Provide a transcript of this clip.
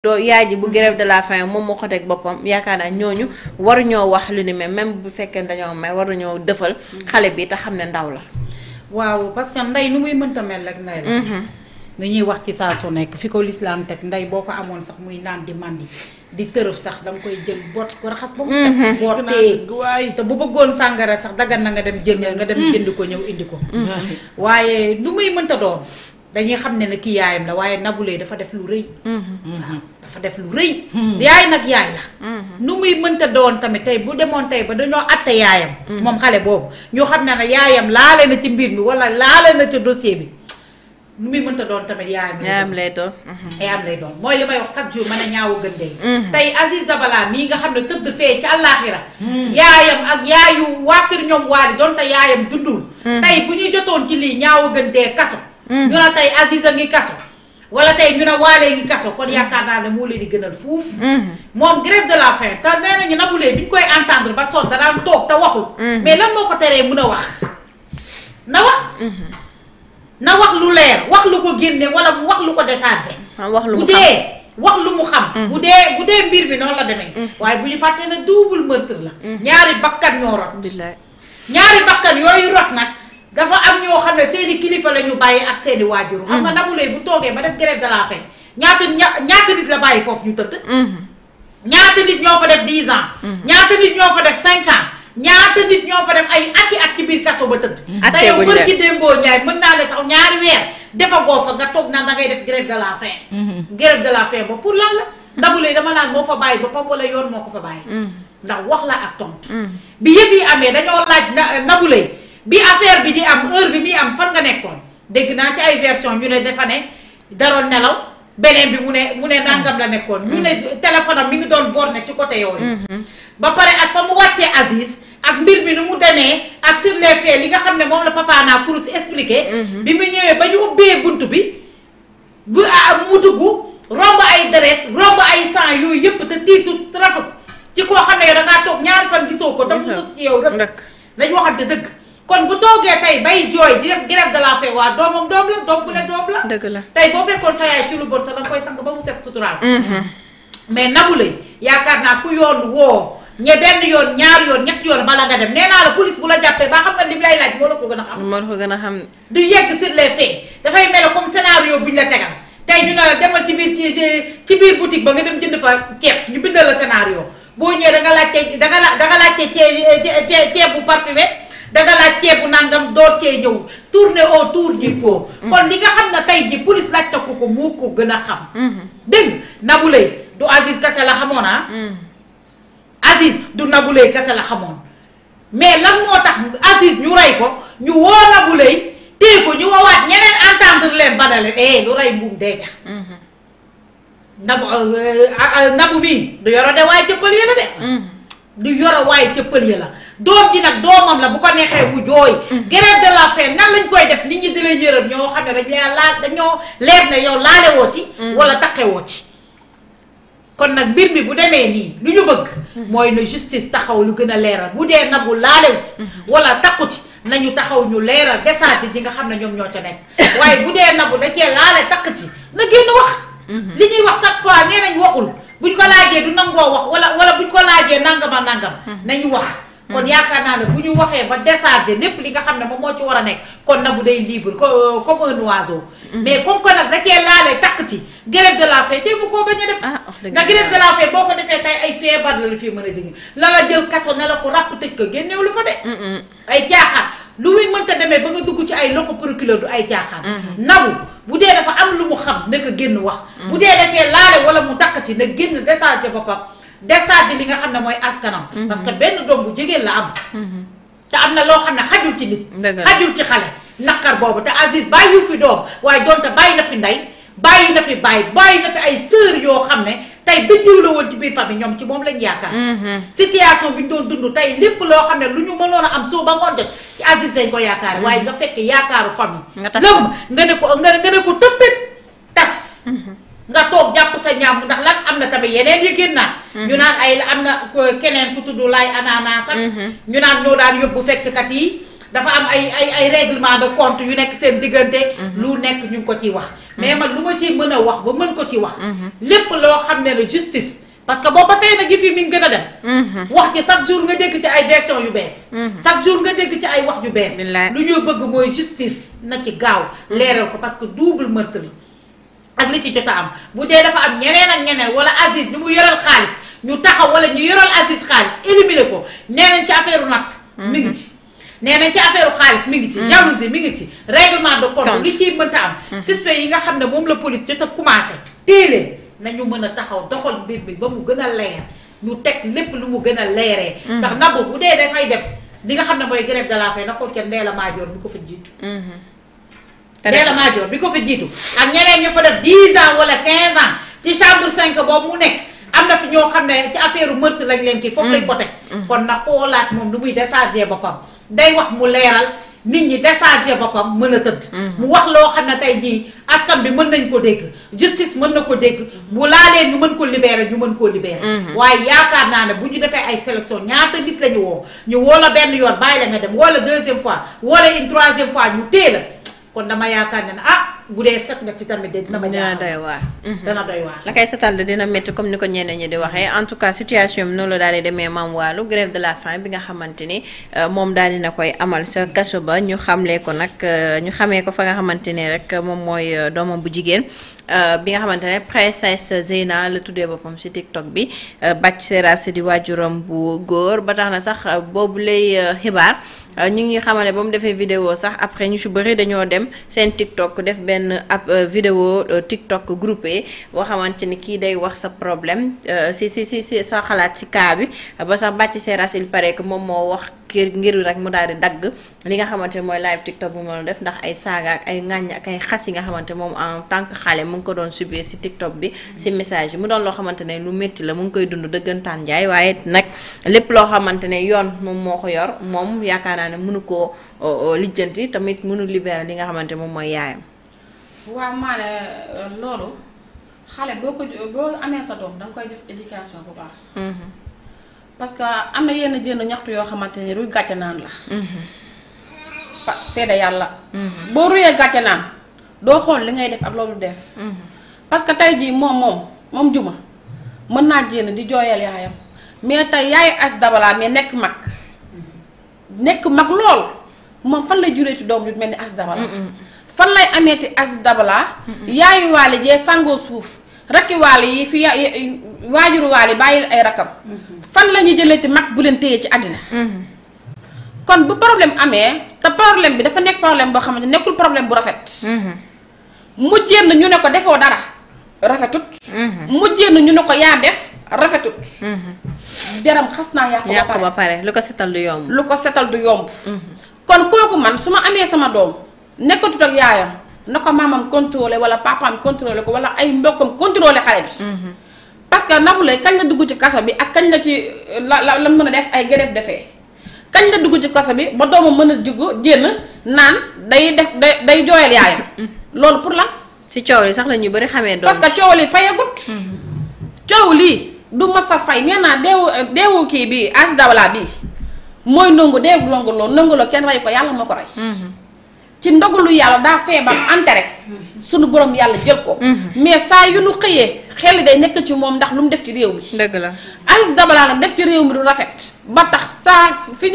doo yaay ji bu grève de la faim moom moo ko teg boppam yaakaar naa ñooñu waruñoo wax lu ni mel même bu fekkee dañoo may waruñoo dëfal xale bi te xam ne ndaw la. waaw parce que ndey nu muy mënta mel rek ndey la. Mm-hmm. dañuy wax ci saa su nekk fi ko lislaam teg ndey boo ko amoon sax muy naan di màndi di tërëf sax danga koy jël boot ko raxas ba mu set mm-hmm. te bu bëggoon sàngara sax dagan na nga dem jël nga dem mm-hmm. jënd ko ñëw indi ko. waaye nu muy mënta doon. dañuy xam ne ne kii yaayam la waaye nabulee dafa def lu rëy. Mm-hmm. dafa def lu rëy. Mm-hmm. yaay nag yaay la. Mm-hmm. nu muy mënta doon tamit tey bu demoon tey ba dañoo àtte yaayam. moom xale boobu ñu xam ne ne yaayam laale na ci mbir mi wala laale na ci bi nu muy mënta doon tamit yaayam. yaayam lay doon yaayam lay doon mooy li may wax chaque jour mën a ñaaw gën dee. tey Aziz Dabala mii nga xam ne tëdd fee ci àllaaxira yaayam ak yaayu waa kër ñoom waali donte yaayam dundul. tey bu ñu jotoon ci lii ñaaw gën dee kaso. Mm. ñu ne tey Aziz a ngi kaso. wala tey ñu ne waalee ngi kaso kon mm. yaakaar naa ne moo leen di gënal fuuf. Mm. moom grève de la faim te nee nañu Nabou Leye bi ñu koy entendre ba sonn daan toog te waxul. mais lan moo ko teree mën a wax na wax. Mm-hmm. na wax lu leer wax lu ko génne wala mu wax lu ko déchargé. Ah, wax lu mu bu dee wax lu mu xam. bu dee bu dee mbir bi noonu la demee. waaye bu ñu fàttee ne double meurtre la. ñaari bakkan ñoo rot. ñaari bakkan yooyu rot nag. kilifa la ñu bàyyi ak seeni waajur. xam nga mm. Nabou bu toogee ba def grève de la faim ñaata ñaata nit la bàyyi foofu ñu tëdd. Mm-hmm. ñaata nit ñoo fa def dix ans. Mm-hmm. ñaata nit ñoo fa def cinq ans. ñaata nit ñoo fa dem ay atti at ci biir kaso ba tëdd. Mm-hmm. te yow bër ki démboo Njaay mën naa la sax ñaari weer defagoo fa nga toog naan da ngay def grève de la faim. grève de la faim ba pour lan la. Nabou Leye dama naan moo fa bàyyi boppam wala yoon moo ko fa bàyyi. ndax wax la ak tontu. bi yëf yi amee dañoo laaj bi affaire bi di am heure bi muy am fan nga nekkoon dégg naa ci ay version ñu ne dafa ne daroon nelaw beneen bi mu ne mu ne nangam la nekkoon. mu ne téléphone am mi ngi doon borné ci côté yooyu. Mhm. ba pare ak fa mu wàccee Aziz ak mbir mi nu mu demee ak sur les li nga xam ne moom la Papa naa pour expliquer. Mhm. bi mu ñëwee ba ñu ubbee bunt bi bu ah, mu dugg romb ay deret romb ay sang yooyu yëpp te tiitu rafet ci koo xam ne yow da toog ñaar fan gisoo ko. te mu sës ci yow rek. nañ waxante dëgg. kon bu toogee tey bay jooy di def grève de la waa doomam doom la doom bu ne doom la. dëgg la tey boo fekkoon sa yaay ci lu bon sax da nga koy sang ba mu set suturaal. Mm-hmm. mais Nabou Leye yaakaar naa ku yoon woo. ñe benn yoon ñaar yoon ñett yoon bala nga dem nee naa la police bu la ba xam nga lim ko gën a xam. moo la ko a xam. du yegg sur les faits dafay mel comme scénario buñ la tegal tey ñu ne la demal ci biir ci ci biir boutique ba nga dem jënd fa ceeb ñu bindal la scénario boo ñëwee da nga laajte da nga la da nga laajte ceeb ceeb bu parfumé. danga laaj ceebu nangam door cee ñëw tourner autour du pot. Mm-hmm. kon li nga xam ne tey ji polis laaj takku ko moo ko gën a xam. Mm-hmm. dégg na lay du Aziz kase la xamoon ah. Mm-hmm. Aziz du Nabou Leye kese la xamoon mais lan moo tax Aziz ñu rey ko ñu woo Nabou Leye téye ko ñu woowaat ñeneen entendre leen badale eh lu rey mbuum dee tax. Nabou euh, euh, euh, Nabou mii du yoro waaye jëppal yéen de. du yoro waaye ca yi la doom ji nag doomam la bu ko neexee bu jooy. Mm. grève de la faim nan lañ koy def nit ñi di la yërëm ñoo xam ne dañu la laal dañoo leer ne yow laale ci. Mm. wala taqe ci. kon nag mbir mi bu demee nii lu ñu bëgg. Mm. mooy ne justice taxaw lu gën a leeral bu dee nagu laalew ci. wala takku nañu taxaw ñu leeral desaati ji nga xam ne ñoom ñoo ca nekk. waaye bu dee nagu da cee laale takk ci na génn wax. Mm-hmm. li ñuy wax chaque fois nee nañ waxul. buñ ko laajee du nangoo wax wala wala buñ ko laajee nangama nangam hmm. nañu wax hmm. kon yaakaar naa ne bu ñu waxee ba décharger lépp li nga xam ne moom moo ci war a nekk kon na bu day libre euh, comme un oiseau hmm. mais comme que nag da cee laale takk ci grève de la faim te bu koo bañ a def ah, nga grève de la faim boo ko defee tey ay feebar la lu fii mën a jëngi la la jël kaso ne la ko ràpp tëj ko génneew lu fa de ay caaxaan lu muy mënta demee ba nga dugg ci ay loxo procureur du ay caaxaan. Mhm. nabu bu dee dafa am lu mu xam na ko génn wax. Mhm. bu dee da cee laale wala mu takk ci na génn desaat ca boppam desaat li nga xam ne mooy askanam. Mhm. parce que benn doom bu jigéen la am. te am na loo xam ne xajul ci nit. xajul ci xale naqar boobu te Aziz bàyyiwu fi doom waaye te bàyyi na fi ndey bàyyi na fi bàyyi bàyyi na fi ay sœur yoo xam ne. tey biddiw la woon ci biir famille ñoom ci moom lañ yaakaar. Mm-hmm. situation bi ñu doon dund tey lépp loo xam ne lu ñu mënoon a am soo ba ngoon jot ci Aziz lañ ko yaakaar. Mm-hmm. waaye nga fekk yaakaaru famille. nga tas nga ne ko nga ne ko tëppit tas. Mm-hmm. nga toog jàpp sa ñaam ndax lan am na tamit yeneen yu gën naan ñu naan ay la am na keneen ku tudd laay anaana sax. ñu naan ñoo daan yóbbu fekkkat yi. dafa am ay ay ay règlement de compte yu nekk seen diggante. Mhm. lu nekk ñu ngi ko ci wax. Mhm. mais man lu ma ci mën a wax ba mën ko ci wax. Mhm. lépp loo xam ne la justice. parce que booba tey nag yëf yi fii ngi gën a dem. wax ci chaque jour nga dégg ci ay version yu bees. chaque jour nga dégg ci ay wax yu bees. lu ñu bëgg mooy justice na ci gaaw. leeral ko parce que double meurtre ak li ci jot a am bu dee dafa am ñeneen ak ñeneen wala Aziz ñu mu yoral xaalis ñu taxaw wala ñu yoral Aziz xaalis ko nee ci affaire natt. mi ngi ci. nee nañ ci affaire xaalis mi ngi ci. Mm. jalousie mi ngi ci règlement de compte li ciy mënta am. Mm-hmm. suspect yi nga xam ne moom la police jot a commencé na nañu mën a taxaw doxal mbir mi ba mu gën a leer ñu teg lépp lu mu gën a leeree. Mm-hmm. ndax nabu bu dee dafay def li nga xam ne mooy grève de la na xool kenn Ndella Madior mi ko fa jiitu. Mm-hmm. Ndella Madior bi ko fa jiitu ak ñeneen ñu fa def 10 ans wala 15 ans ci chambre 5 boobu mu nekk. am na fi ñoo xam ne ci affaire meurtre lañ leen kii. foofu lañ mm. ko teg. Mm. kon na xoolaat moom lu muy décharger boppam day wax mu leeral nit ñi décharger boppam mën a tëdd. Mm. mu wax loo xam ne tey jii askan bi mën nañ ko dégg justice mën na ko dégg bu laalee ñu mën ko libérer ñu mën koo libérer. Mm-hmm. waaye yaakaar naa ne bu ñu defee ay sélection ñaata nit la ñu woo ñu woo la benn yoon bàyyi la nga dem woo la deuxième fois woo la une troisième fois ñu téye la kon dama yaakaar ne ah. bu dee set nga ci tamit de dina mhm. dina doy waar dana doy waar la koy setal de dina métti comme ni ko ñeneen ñi di waxee en tout cas situation bi noonu la daal di demee maam waalu grève de la faim bi nga xamante ni euh, moom daal dina koy amal sa kaso ba ñu xamlee ko nag euh, ñu xamee ko fa nga xamante ni rek moom mooy euh, doomam bu jigéen Euh, bi nga xamante ne princesse Zeyna la tuddee boppam ci TikTok bi euh, Bathie Seras di waajuram bu góor ba tax na sax euh, boobu lay xibaar ñu ngi xamal ne ba mu defee vidéo sax après ñu ci bëri dañoo dem seen TikTok def benn ab vidéo TikTok groupe boo xamante ni kii day wax sa problème si si si si sa xalaat ci cas bi ba sax Bathie Seras il paraît que moom moo wax kër ngir rek mu daal di dagg li nga xamante ne mooy live TikTok bu mu def ndax ay saaga ak ay ŋàññ ak ay xas yi nga xamante moom en ngi ko doon subir si TikTok bi si message yi mu doon loo xamante ne lu métti la mu ngi koy dund dëggantaan jaay waaye nag lépp loo xamante ne yoon moom moo ko yor moom yaakaar naa ne mënu koo lijjanti tamit mënu libérer li nga xamante moom mooy yaayam. waaw maane euh, loolu xale boo ko boo amee sa doom danga koy def éducation bu baax. Mm-hmm. parce am na yenn jënd ñaxtu yoo xamante ni ruy gàcce naan la. Mm-hmm. pa yàlla. Mm-hmm. boo ruyee gàcce naan. doo xool li ngay def ak loolu def. Mhm. parce que tey jii moom moom moom juma mën naa jéem di jooyal yaayam mais tey yaayu as dabala mais nekk mag nekk mag lool moom fan lay juree ci doom bi mel ni as dabala. fan lay ameeti as dabalaa yaayu waale jee sangoo suuf rakki waale yi fi ya waal waale bàyyil ay rakam. fan la ñuy jëlee ci mag bu leen téye ci àddina. kon bu problème amee te problème bi dafa nekk problème boo xamante nekkul problème bu rafet. mujjee na ñu ne ko defoo dara rafetut. Mhm. mujjee na ñu ne ko yaa def rafetut. deram mhm. xas naa yàqu ba pare ba pare lu ko setal du yomb. lu ko setal du yomb. Mhm. kon kooku man su ma amee sama doom nekkatut ak yaayam na ko maamam contrôlé wala papaam contrôlé ko wala ay mbokkam contrôlé xale bi. parce que Nabou Leye kañ la dugg ci kaso bi ak kañ la ci la la mën a def ay gërëf defee kañ la dugg ci kaso bi ba doomam mën a jigo génn naan day def day jooyal yaayam. loolu pour la ci coow li sax la ñu bëri xamee. doom parce que coow li fayagut. Mhm. coow lii du mas a fay nee naa deewu deewu kii bi as dawla bi mooy nangu deewu nangu loo nangu kenn rey ko yàlla moo ko rey. Mhm. ci lu yàlla daa feebar entere mhm. sunu borom yàlla jël ko. mais saa yu nu xëyee xel day nekk ci moom ndax lu mu def ci réew mi. dëgg la as def ci réew mi du rafet ba tax saa fi